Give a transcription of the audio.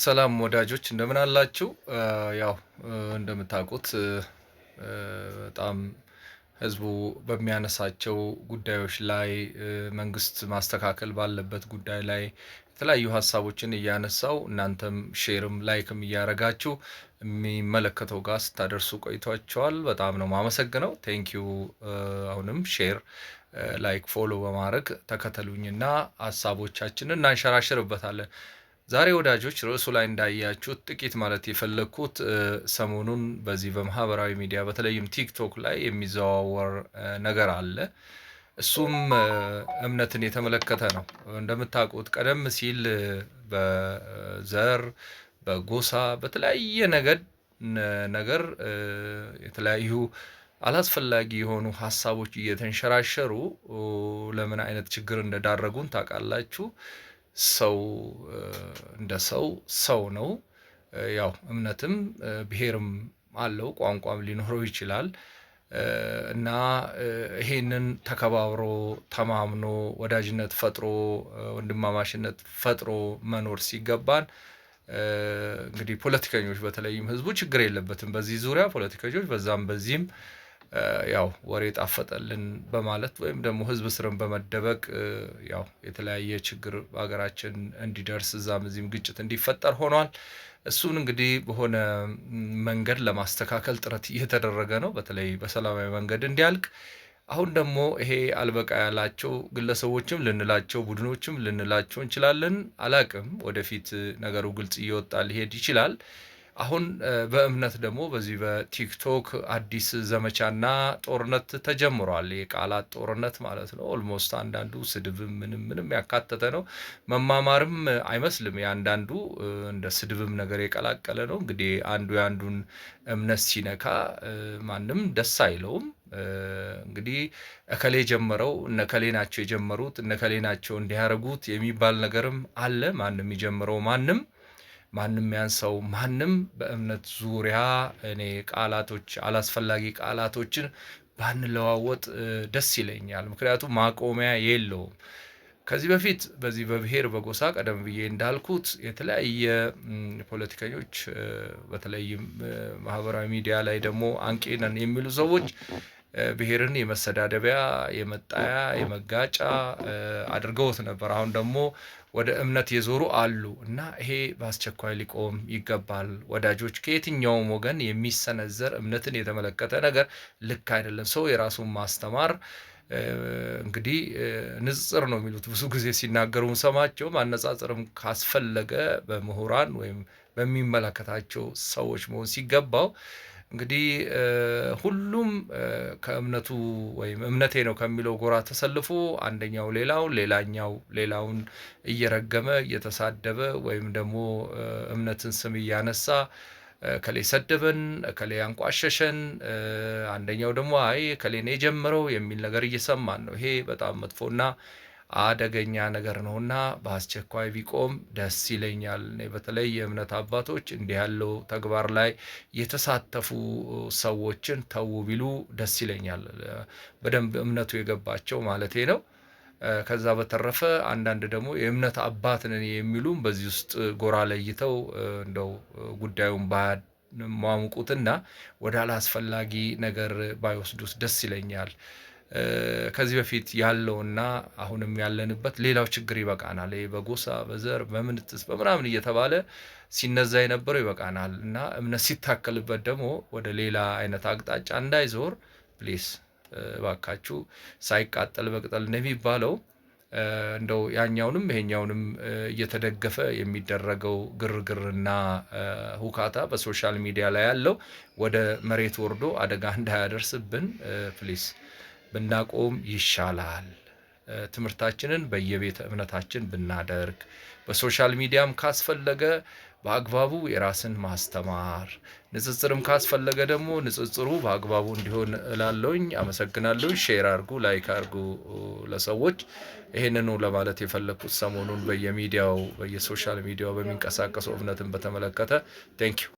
ሰላም ወዳጆች እንደምን አላችሁ? ያው እንደምታውቁት በጣም ህዝቡ በሚያነሳቸው ጉዳዮች ላይ መንግስት ማስተካከል ባለበት ጉዳይ ላይ የተለያዩ ሀሳቦችን እያነሳው እናንተም ሼርም ላይክም እያረጋችሁ የሚመለከተው ጋር ስታደርሱ ቆይቷቸዋል። በጣም ነው ማመሰግነው። ቴንኪዩ። አሁንም ሼር ላይክ ፎሎ በማድረግ ተከተሉኝና ሀሳቦቻችንን እናንሸራሽርበታለን። ዛሬ ወዳጆች ርዕሱ ላይ እንዳያችሁት ጥቂት ማለት የፈለግኩት ሰሞኑን በዚህ በማህበራዊ ሚዲያ በተለይም ቲክቶክ ላይ የሚዘዋወር ነገር አለ። እሱም እምነትን የተመለከተ ነው። እንደምታውቁት ቀደም ሲል በዘር በጎሳ በተለያየ ነገድ ነገር የተለያዩ አላስፈላጊ የሆኑ ሀሳቦች እየተንሸራሸሩ ለምን አይነት ችግር እንደዳረጉን ታውቃላችሁ። ሰው እንደ ሰው ሰው ነው። ያው እምነትም ብሔርም አለው ቋንቋም ሊኖረው ይችላል እና ይሄንን ተከባብሮ ተማምኖ ወዳጅነት ፈጥሮ ወንድማማሽነት ፈጥሮ መኖር ሲገባን እንግዲህ ፖለቲከኞች በተለይም ህዝቡ ችግር የለበትም። በዚህ ዙሪያ ፖለቲከኞች በዛም በዚህም ያው ወሬ ጣፈጠልን በማለት ወይም ደግሞ ህዝብ ስርን በመደበቅ ያው የተለያየ ችግር በሀገራችን እንዲደርስ እዛም እዚህም ግጭት እንዲፈጠር ሆኗል። እሱን እንግዲህ በሆነ መንገድ ለማስተካከል ጥረት እየተደረገ ነው፣ በተለይ በሰላማዊ መንገድ እንዲያልቅ። አሁን ደግሞ ይሄ አልበቃ ያላቸው ግለሰቦችም ልንላቸው ቡድኖችም ልንላቸው እንችላለን፣ አላቅም። ወደፊት ነገሩ ግልጽ እየወጣ ሊሄድ ይችላል። አሁን በእምነት ደግሞ በዚህ በቲክቶክ አዲስ ዘመቻና ጦርነት ተጀምሯል። የቃላት ጦርነት ማለት ነው። ኦልሞስት አንዳንዱ ስድብም ምንም ምንም ያካተተ ነው። መማማርም አይመስልም። የአንዳንዱ እንደ ስድብም ነገር የቀላቀለ ነው። እንግዲህ አንዱ የአንዱን እምነት ሲነካ ማንም ደስ አይለውም። እንግዲህ እከሌ ጀመረው እነከሌ ናቸው የጀመሩት እነከሌ ናቸው እንዲያረጉት የሚባል ነገርም አለ። ማንም የጀምረው ማንም ማንም ያንሰው ማንም በእምነት ዙሪያ እኔ ቃላቶች አላስፈላጊ ቃላቶችን ባንለዋወጥ ደስ ይለኛል። ምክንያቱም ማቆሚያ የለውም። ከዚህ በፊት በዚህ በብሔር በጎሳ ቀደም ብዬ እንዳልኩት የተለያየ ፖለቲከኞች በተለይም ማህበራዊ ሚዲያ ላይ ደግሞ አንቄነን የሚሉ ሰዎች ብሔርን የመሰዳደቢያ፣ የመጣያ፣ የመጋጫ አድርገውት ነበር። አሁን ደግሞ ወደ እምነት የዞሩ አሉ እና ይሄ በአስቸኳይ ሊቆም ይገባል። ወዳጆች፣ ከየትኛውም ወገን የሚሰነዘር እምነትን የተመለከተ ነገር ልክ አይደለም። ሰው የራሱን ማስተማር እንግዲህ ንጽጽር ነው የሚሉት ብዙ ጊዜ ሲናገሩ ሰማቸው። ማነጻጸርም ካስፈለገ በምሁራን ወይም በሚመለከታቸው ሰዎች መሆን ሲገባው እንግዲህ ሁሉም ከእምነቱ ወይም እምነቴ ነው ከሚለው ጎራ ተሰልፎ አንደኛው ሌላውን ሌላኛው ሌላውን እየረገመ እየተሳደበ ወይም ደግሞ እምነትን ስም እያነሳ እከሌ ሰደበን፣ እከሌ አንቋሸሸን፣ አንደኛው ደግሞ አይ እከሌ ነው የጀመረው የሚል ነገር እየሰማን ነው። ይሄ በጣም መጥፎና አደገኛ ነገር ነውና በአስቸኳይ ቢቆም ደስ ይለኛል። በተለይ የእምነት አባቶች እንዲህ ያለው ተግባር ላይ የተሳተፉ ሰዎችን ተው ቢሉ ደስ ይለኛል። በደንብ እምነቱ የገባቸው ማለቴ ነው። ከዛ በተረፈ አንዳንድ ደግሞ የእምነት አባት ነን የሚሉም በዚህ ውስጥ ጎራ ለይተው እንደው ጉዳዩን ባያሟሙቁትና ወደ አላስፈላጊ ነገር ባይወስዱት ደስ ይለኛል። ከዚህ በፊት ያለውና አሁንም ያለንበት ሌላው ችግር ይበቃናል። ይሄ በጎሳ በዘር በምንትስ በምናምን እየተባለ ሲነዛ የነበረው ይበቃናል እና እምነት ሲታከልበት ደግሞ ወደ ሌላ አይነት አቅጣጫ እንዳይዞር ፕሊስ ባካችሁ ሳይቃጠል በቅጠል እንደሚባለው እንደው ያኛውንም ይሄኛውንም እየተደገፈ የሚደረገው ግርግርና ሁካታ በሶሻል ሚዲያ ላይ ያለው ወደ መሬት ወርዶ አደጋ እንዳያደርስብን ፕሊስ ብናቆም ይሻላል። ትምህርታችንን በየቤተ እምነታችን ብናደርግ በሶሻል ሚዲያም ካስፈለገ በአግባቡ የራስን ማስተማር ንጽጽርም ካስፈለገ ደግሞ ንጽጽሩ በአግባቡ እንዲሆን እላለውኝ። አመሰግናለሁ። ሼር አርጉ፣ ላይክ አርጉ ለሰዎች ይህንኑ ለማለት የፈለግኩት ሰሞኑን በየሚዲያው በየሶሻል ሚዲያው በሚንቀሳቀሱ እምነትን በተመለከተ ቴንኪዩ